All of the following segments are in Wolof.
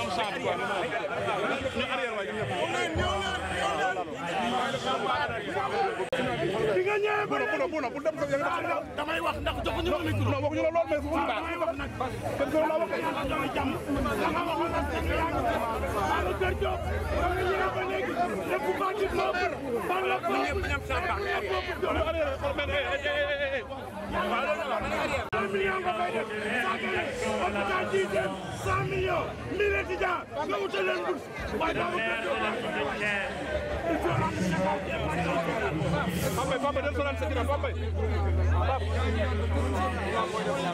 am saaf quoi ñu arrière waay bi nga ñëwee ba léegi bu na bu dem damay wax ndax joxuñu ma micro non waxuñu la lool mais fu mu baax damay wax nag parce que la wax ak damay jàmm dama waxoon ak yaa ngi maa ngi kër Diop ba nga ñëwee ba léegi lépp ba ci bopp ba la bopp ba la bopp un million nga fay def saakale hôpital dixième cent millions mille étudiants nga wutal leen bourse waaye doo Pape Pape del solan sekina Pape Pape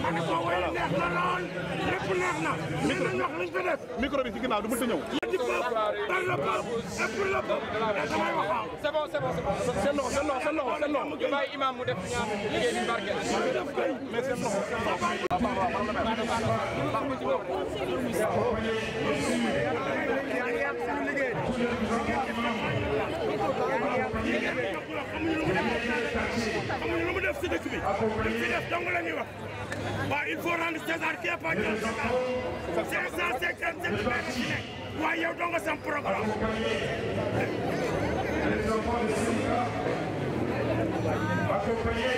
man ko way neex na lool lépp neex na mais nañ wax liñ fi def micro bi ci ginnaaw du mën ta ñëw di peuple par le peuple et pour le peuple damay wax c'est bon c'est bon c'est bon seen loxo seen loxo seen loxo seen loxo bàyyi imam mu def ñaan liggéey bi barkeel waaw il faut rendre César qui est pas jël César 557 mètres ci nekk waaye yow doo nga sam programme. accompagné les enfants de Sénégal accompagné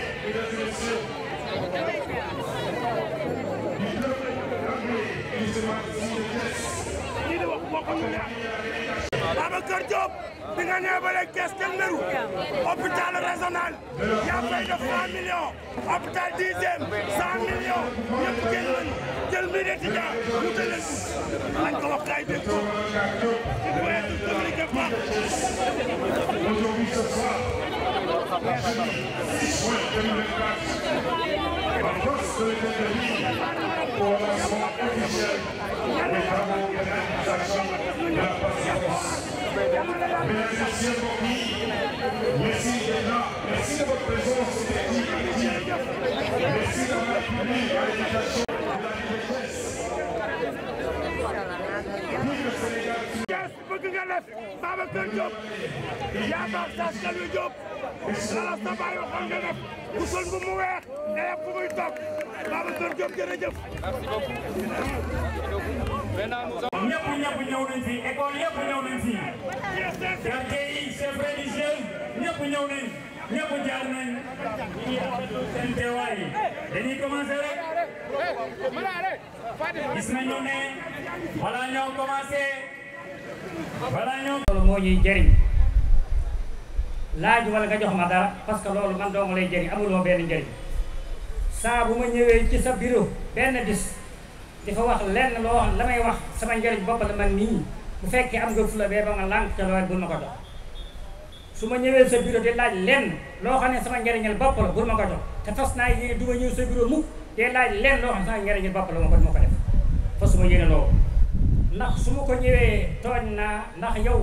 Babacar Diop bi nga nee ba léegi kees kenn meru hôpital régional yaa fay def 100 millions hôpital dixième 100 millions ñëpp kenn lañu jël mbir yi di jaar wutal leen lañ ko wax kay dégg ko. Merci déjà, merci de votre présence Merci d'avoir appuyé à l'éducation de la richesse. Vive le Sénégal. Yes, bëgg nga def Babacar Diop, yaa baax sa Diop. lalas na bàyyi waxoon nga def bu sol bu mu weex nga yab fu muy toog Babacar Diop jërëjëf merci beaucoup ñëpp ñëpp ñëw nañ fii école ñëpp ñëw nañ fii quartier yi chef religieux ñëpp ñëw nañ ñëpp jaar nañ ñu ngi rafetlu seen teewaay yi dañuy commencé rek gis nañu ne wala ñoo commencé wala ñoo moo ñuy jëriñ laaj wala nga jox ma dara parce que loolu man dong lay jëriñ amuloo benn njëriñ saa bu ma ñëwee ci sa bureau benn bis di fa wax lenn loo xam la may wax sama njëriñ bopp la man nii bu fekkee am nga fula bee ba nga lànk te loolu bul ko jox su ma ñëwee sa bureau di loo xam ne sama njëriñal bopp la bul ma fas naa yéene du ma ñëw sa bureau mukk te laaj lenn loo xam sama njëriñal bopp la ma ko ma ko def fas ma yéene loolu ndax su ma ko ñëwee tooñ naa ndax yow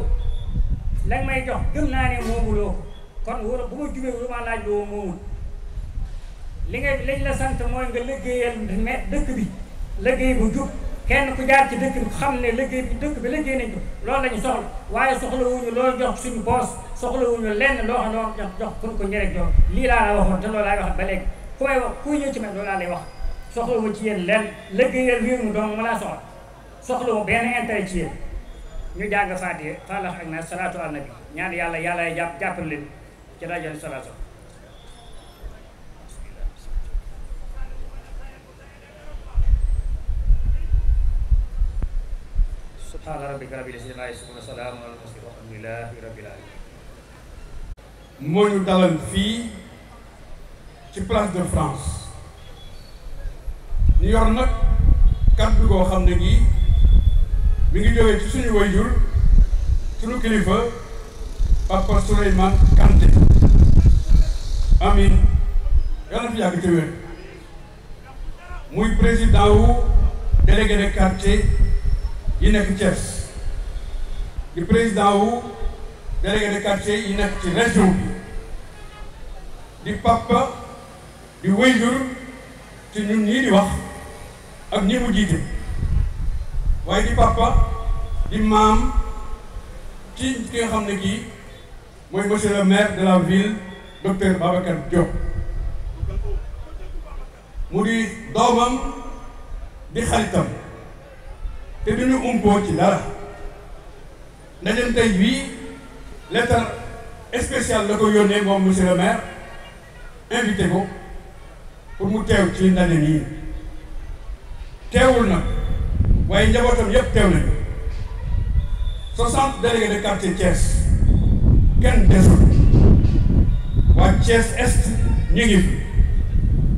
la nga may jox gëm naa ne loo kon wóor bu ma jubee lu ma laaj loo moomul li nga lañ la sant mooy nga liggéeyal mais dëkk bi liggéey bu jub kenn ku jaar ci dëkk bi xam ne liggéey bi dëkk bi liggéey nañ ko loolu lañu soxla waaye soxlawuñu loo jox suñu boos soxlawuñu lenn loo xam loo jox jox pour ko njëriñ lii laa la waxoon te loolu ba léegi ku may wax ku la ci man loolu laa lay wax soxlawu ci yéen lenn liggéeyal réew mi doom ma laa soxla soxlawu benn intérêt ci yéen ñu jàng Faatiha Faalax ak naa salaatu ala nabi ñaan yàlla yàlla jàpp jàppal leen ci rajo salaatu subhaana rabbika rabbil izzati ammaa yasifuun wa salaamun alal mursaliin walhamdulillaahi rabbil aalamiin moo ñu dalal fii ci place de France ñu yor nag kàddu goo xam ne gii mi ngi jógee ci suñu wayjur suñu kilifa Papa Souleymane Kanté amin yàlla fi yàgg te muy président wu délégué de quartier yi nekk Thiès di président wu délégué de quartier yi nekk ci région bi di papa di wayjur ci ñun ñii di wax ak ñi mu waaye di papa di maam ci ki nga xam ne kii mooy monsieur le maire de la ville docteur Babacar Diop mu di doomam di xaritam te du ñu umpoo ci dara ndajem tey bii lettre spéciale la ko yónnee moom monsieur le maire invité ko pour mu teew ci ndaje nii teewul nag waaye njabootam yëpp teew nañu soixante délégués de quartier Thiès kenn desul waa Thiès est ñu ngi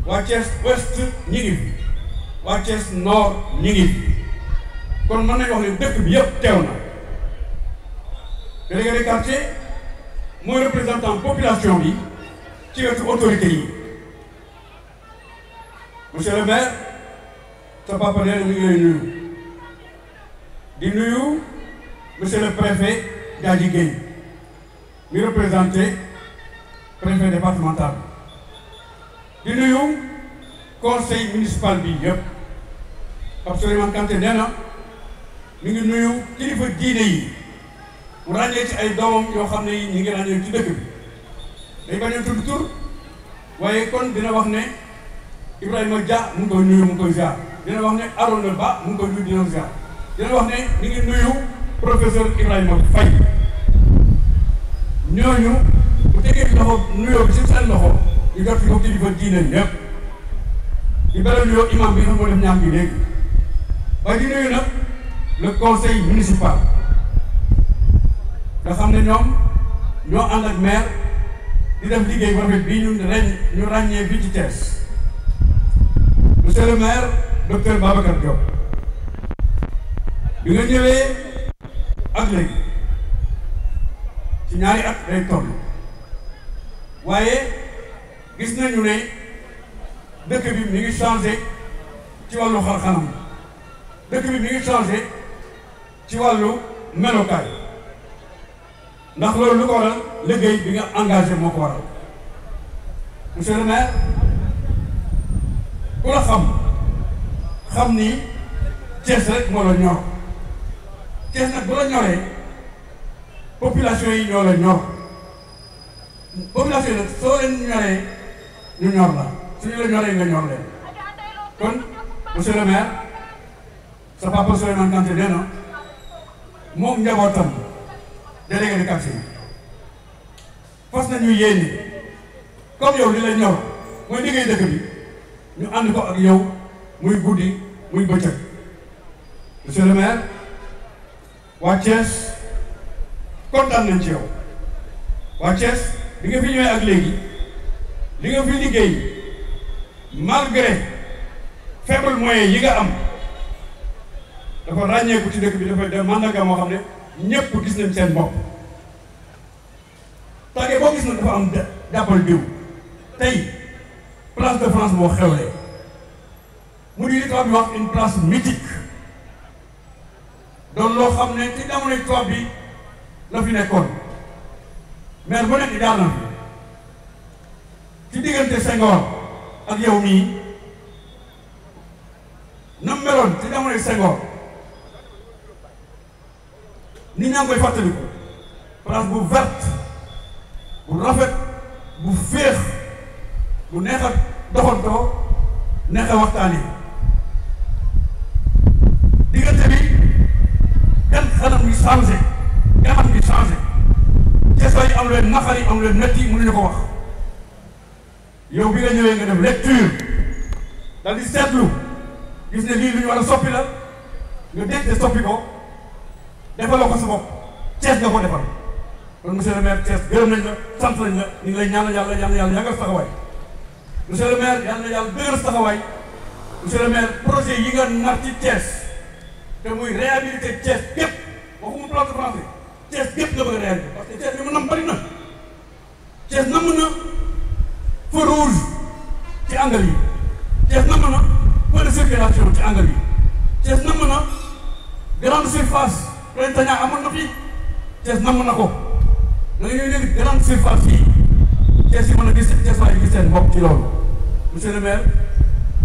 waa Thiès ouest ñu ngi waa Thiès nord ñu ngi kon mën nañu wax ne dëkk bi yëpp teew na délégué de quartier mooy représentant population bi ci wetu autorité yi monsieur le maire sa papa nee na ñu ngi lay di nuyu monsieur le préfet Diadji Guèye mi représenté préfet départemental di nuyu conseil municipal bi yëpp Pape Souleymane Kanté nee na mi ngi nuyu kilifa diine yi mu ràññee ci ay doomam yoo xam ne yi ñu ngi ràññee ci dëkk bi dañ bañ kon dina wax ne Ibrahima Dia mu ngi nuyu mu ngi koy dina wax ne Arona Ba mu ngi koy dina ziar dina wax ne ñu ngi nuyu professeur Ibrahima Faye ñooñu bu tegee loxo nuyoo bi ci seen loxo ñu jot fi ko kilifa diine ñëpp di beral imam bi nga xam def ñaam bi léegi ba nuyu nag le conseil municipal nga xam ne ñoom ñoo ànd ak maire di def liggéey bu rafet ñu reñ ñu ràññee fii ci Thiès monsieur le maire docteur bi nga ñëwee ak léegi ci ñaari at day toll waaye gis nañu ne dëkk bi mu ngi changé ci wàllu xar-xanam dëkk bi mi ngi changé ci wàllu melokaay ndax loolu lu ko waral liggéey bi nga engagé moo ko waral monsieur le maire ku la xam xam ni Thiès rek moo la ñor. Cees nag bu la ñoree population yi ñoo la ñor population yi nag ñu ñor la suñu la ñoree nga ñor leen kon monsieur le sa papa Souleymane Kanté nee na moom njabootam délégué de quartier fas nañu yéene comme yow li la ñor mooy liggéey dëkk bi ñu ànd ko ak yow muy guddi muy bëccëg monsieur le waa Thiès kontaan nañ ci yow waa Thiès bi nga fi ñëwee ak léegi li nga fi liggéey malgré faible moyen yi nga am dafa ràññeeku ci dëkk bi dafa dem mandarga moo xam ne ñëpp gis nañ seen bopp tàggee boo gis na dafa am jàppal diw tey place de France moo xewle mu di li tubaab bi wax place mythique loolu loo xam ne ci jamonoy tubaab bi la fi nekkoon maire bu nekk jaar na ci diggante Senghor ak yow mii nam meloon ci jamonoy Senghor nit ñaa ngi koy fàttaliku place bu verte bu rafet bu féex bu neex a doxantoo neex a waxtaanee changé yaram bi changé gesoo yi am leen naqar yi am leen métti mënuñu ko wax yow bi nga ñëwee nga def lecture daal di seetlu gis ne lii lu ñu war a soppi la nga dégg te soppi ko defaloo ko sa bopp Cees nga ko defal kon monsieur le maire Cees gërëm nañ la sant nañ la ñu lay ñaanal yàlla yàlla yàlla yàggal sa taxawaay monsieur le maire yàlla yàlla dëgëral sa taxawaay monsieur le maire projet yi nga nar ci Cees te muy réhabilité Cees yépp waxuma plateau français Thiès gépp la bëgg a réaliser parce que Thiès li mu nam bëri na Thiès nam na feu rouge ci angle yi nam na point de circulation ci angle yi Thiès nam na grande surface plein na nam na ko da ngay léegi grande surface yi Thiès yi mën a gis Thiès waaye gis seen bopp ci loolu monsieur le maire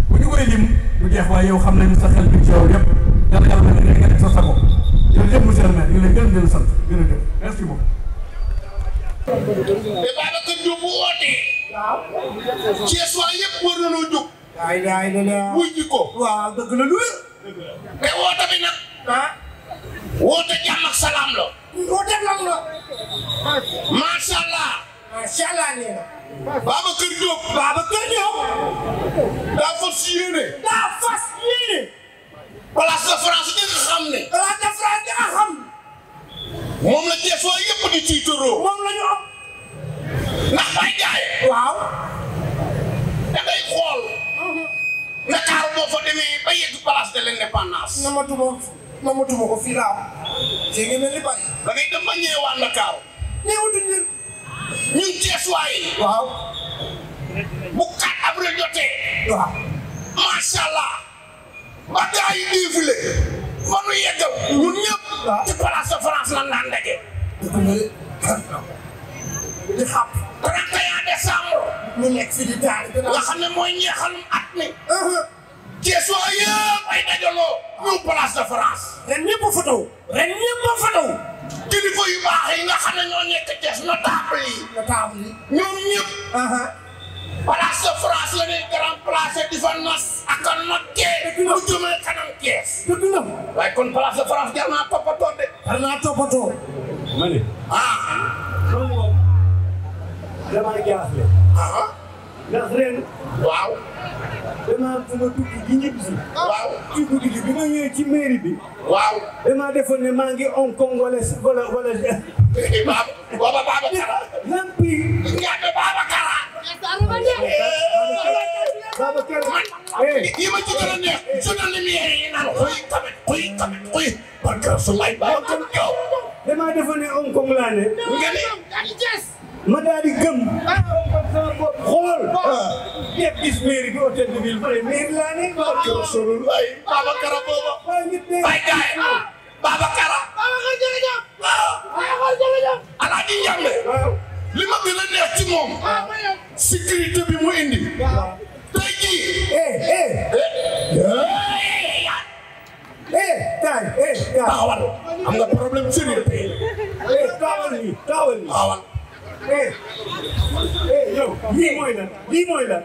bu ñu koy lim du jeex waaye yow xam nañu sa xel bi ci yow yàlla yàlla na leen yéen sa sago yéen ñëpp monsieur le maire ñu ngi lay gërëm di leen sant jërëjëf merci beaucoup. mais Babacar Diop bu wootee. waaw. Thiès waa yëpp war nañoo jóg. ay ay dana. wuy ji ko. waaw dëgg la lu wér. mais woote bi nag. ah. woote jàmm ak salaam la. woote lan la. macha allah. macha allah nee na. Babacar Diop. Babacar Diop. daa fas yéene. daa fas yéene. place de France di xam ne. place de France di xam. moom la jeexoo yëpp di tiitaroo. moom la ñu am. ndax waaw. da ngay xool. Ndakaaru mhm. boo fa demee ba yegg place de l'indépendance. namatuma namatuma ko fii laa. jii ngeen mel ni bari. da ngay dem ba ñëwaan Ndakaaru. ñëwatuñ ñun jeexuwaay yi. waaw. bu 4 avril jotee. waaw. macha ba gaa yi diifule ba nu yeggal ñun ñëpp ah. ci place de France lan daan daje di xam 31 décembre ñu nekk fi di taal nga xam ne mooy ñeexalum at mi ceesoo uh-huh. yëpp ay dajaloo ñu place de France ren ñëpp a fotow ren ñëpp a fotow kilifa yu baax yi nga xam ne ñoo nekk Cees notable yi yi ñoom ñëpp uh-huh. place de France la ñuy grand place di fa nas ak a nokkee lu jëmee kanam kees dëgg la waaye kon place de France jar naa toppatoo de jar naa toppatoo ma ne ah man moom damaa waaw damaa dama tukki ji ñibbi si waaw ci guddi gi bi ma ñëwee ci mairie bi waaw damaa defoon maa ngi Hong Kong wala wala wala baba baba eh. Babacar lampi ñaata Babacar Babacar yi a Hong Kong laa ne ma daal di ah, xool ah. ñëpp gis mairie bi hôtel de ville bële mairie laa ne. waaw keroog solo lu ay Babacar booba. waaye nit ne ay gars yi Babacar. Babacar jërëjëf. waaw Babacar jërëjëf. Alaaji Njambe. waaw li ma gën a neex ci moom. Ah, sécurité bi mu indi. waaw tey jii. eh eh. eh, eh. eh, eh taay eh taay. taawal am nga problème sérieux tey. eh taawal yi taawal yi. taawal. eh eh yow lii mooy lan lii mooy lan.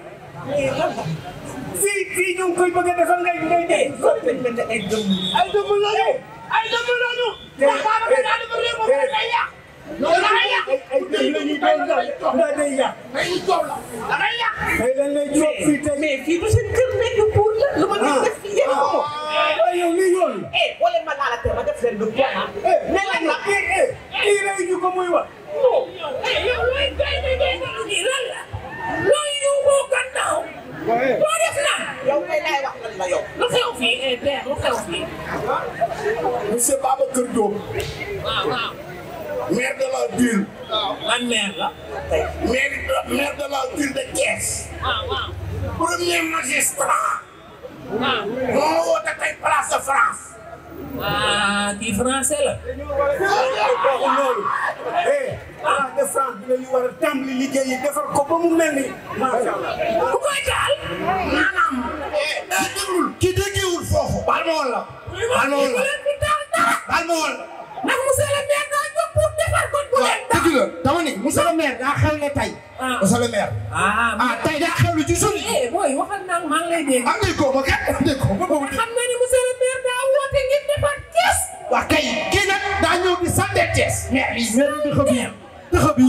fii fii ñu ngi koy bëgg a defal ngay ngay dee. ay dëmm ay dëmm lañu. ay dëmm lañu. mais fii ba seen kër nekk buur la lu ma leen def fii yéen ko. yow lii yoon. wala ma laala te ma def leen lu ko ah. ne la la kii rey ñu ko muy wax. non. yow looy béy béy béy looy ñëw moo gannaaw. boo def la yow. lu xew fii eh père la ville. man maire la. tey de la premier magistrat. waaw. moo woote tey place ah kii français la. loolu. eh ah de France bi la ñu war a tàmbali liggéey yi defar ko ba mu mel ni. macha allah ku koy taal. maanaam. Eh, kii déggewul foofu. baal ma woon la. baal ma woon la. ndax monsieur le daa jóg pour defar ko bu leen daa xel ne tey monsieur le maire ah tey daa ngi lay dégg am ko ba ko ba boobu xam nga ni monsieur le maire daa woote ngir defar Thiès waa kay kii nag daa ñëw di sànde Thiès maire yi maire dëkk bi dëkk bi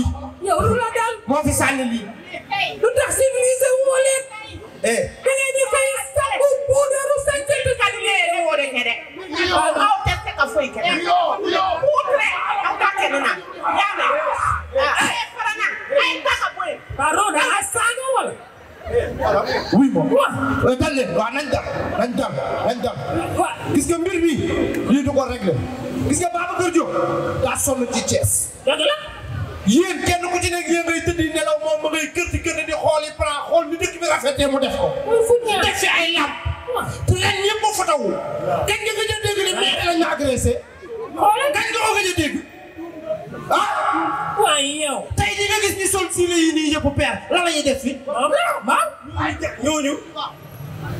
la daal moo fi sànni lii lu tax civilisé wu ma leen eh da ngay di fay sangu puudaru sañ sëñ bi kadi lee woo de ka foyi kɛ n'a ye. u tɛ aw ka kɛlɛ na y'a mɛn. a ye fara na a ye ta ka bɔ yen. pardon a sango wala. Oui, bon. Ouais. Attendez, va, n'entame, n'entame, n'entame. Ouais. Qu'est-ce que mbir bi lii du ko régler. Gis nga Babacar Diop daa sonn ci Thiès. Dëgg la. Yéen kenn ku ci nekk yéen ngay tëdd nelaw moom ma ngay kër ci kër di xool yi plan xool ni dëkk bi rafetee mu def ko. Def fi ay lamp. Ku leen ñëpp fotowu. Kenn nga jël waaye kañ la agressé. xoolal kañ la ko gëj a dégg. ah. waaye yow. tey di nga gis ni sol si la yi nii yëpp peer la la ñuy def fi. waaw ah, waaw. ñooñu.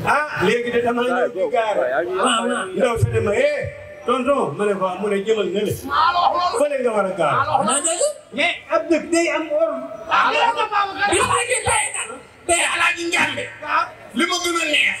ah léegi de dama ñëw ci gaare. waaw waaw ndaw fi ne ma eh. tonton ma ne ko mu ne jëmal ne le. fële nga war a gaar. mais ab dëkk day am or. ah loolu la ko baax a gaar. li ma gën a neex.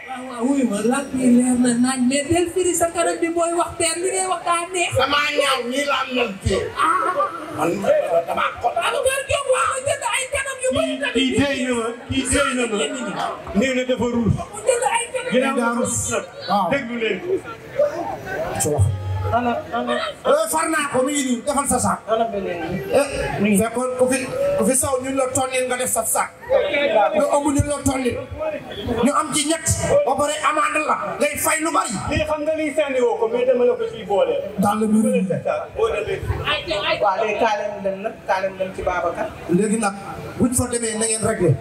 waaw waaw wuy ma lakk yi leer na naaj mais del firi sa kanam bi booy wax teer li ngay wax daa neex. damaa ñaaw nii laa ah. mel tey. man eh, damaa ko. Babacar Diop wax nga jënd ay kanam yu bëri tamit. kii déy na ma kii déy na ma néew na dafa ruus. jënd ay kanam yu bëri. ginnaaw ruus nag déglu leen. ana ana. Eh, far naa ko mi ngi defal sa saak. ana beneen bi. Eh, fekkoon ku fi saw ñun la tonnil nga def sa saak. ñu ëmb ñun la tonnil. ñu am ci ñett. ba pare amande la. ngay fay lu bari. lii xam nga woo ko mais dama boole. daal la mbir mi. waaw léegi kaalem dem nag kaalem dem ci Babacar. léegi nag buñ fa demee na ngeen réglé.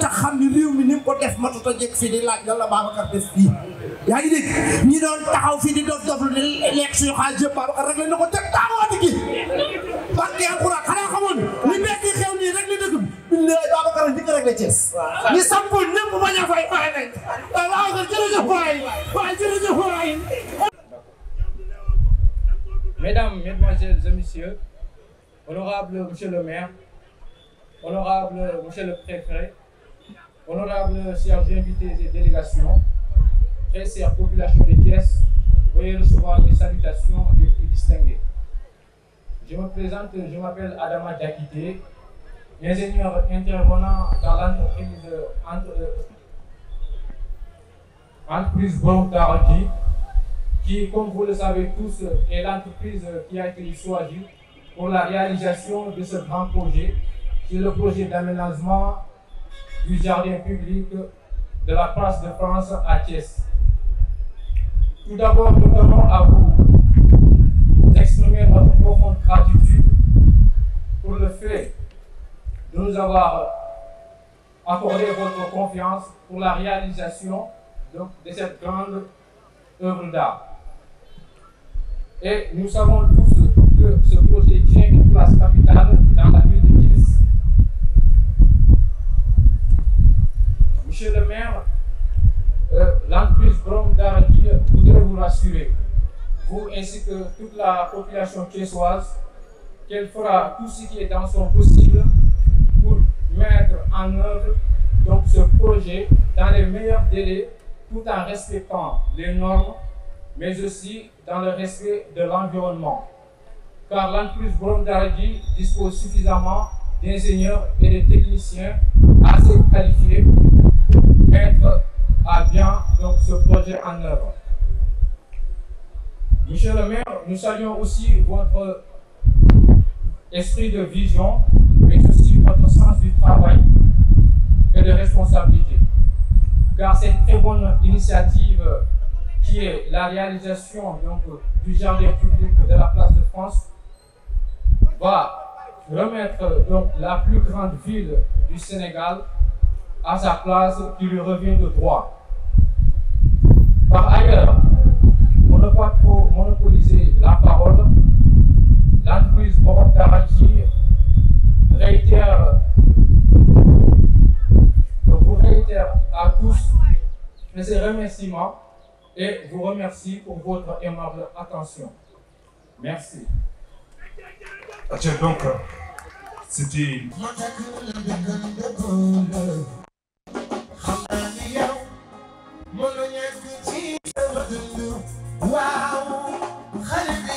te xam ni réew mi ni mu ko def matut a njëkk fii di laaj lan la Babacar def fii. yaa ngi dégg ñi doon taxaw fii di dof dof lu di lekk suñu xaalis yëpp Babacar rek la na ko teg taawaati gi barke alxuraan xanaa xamoon li bees yi xew nii ne sampoon ñëpp bañ a fay fay nañ waaye Babacar jërëjëf waay waay jërëjëf waay Mesdames, Mesdemoiselles et Messieurs, Monsieur le maire, honorable Monsieur le préfet, honorable chers invités et délégations, très chère population de Thiès, veuillez recevoir mes salutations les plus distinguées. Je me ingénieur intervenant dans l'entreprise entre, entreprise Borom Garanti, qui, comme vous le savez tous, est l'entreprise qui a été choisie pour la réalisation de ce grand projet, qui est le projet d'aménagement du jardin public de la place de France à Thiès. Tout d'abord, nous tenons à vous exprimer notre profonde gratitude pour le fait de nous avoir accordé votre confiance pour la réalisation de, cette grande œuvre d'art. Et nous savons tous que ce projet tient une place capitale dans la ville de Thiès. Monsieur Euh, l'entreprise Brom Garantie euh, voudrait vous ainsi que toute la population thiessoise, qu'elle fera tout ce qui est dans son possible pour mettre en œuvre donc ce projet dans les meilleurs délais tout en respectant les normes mais aussi dans le respect de l'environnement car l'entreprise Borom dispose suffisamment d'ingénieurs et de techniciens assez qualifiés pour à ah bien ce projet en œuvre. Monsieur le maire, nous saluons aussi votre esprit de vision, mais aussi votre sens du travail et de responsabilité. Car cette très bonne initiative qui est la réalisation donc, du jardin public de la place de France va remettre donc, la plus grande ville du Sénégal à sa place qui lui revient de droit. exemple ailleurs ne pas trop monopoliser la parole l'entreprise Borom Garanti réitère vous réitère à tous mes remerciements et vous remercie pour votre aimable attention merci. Ah, donc c'était waaw xale bi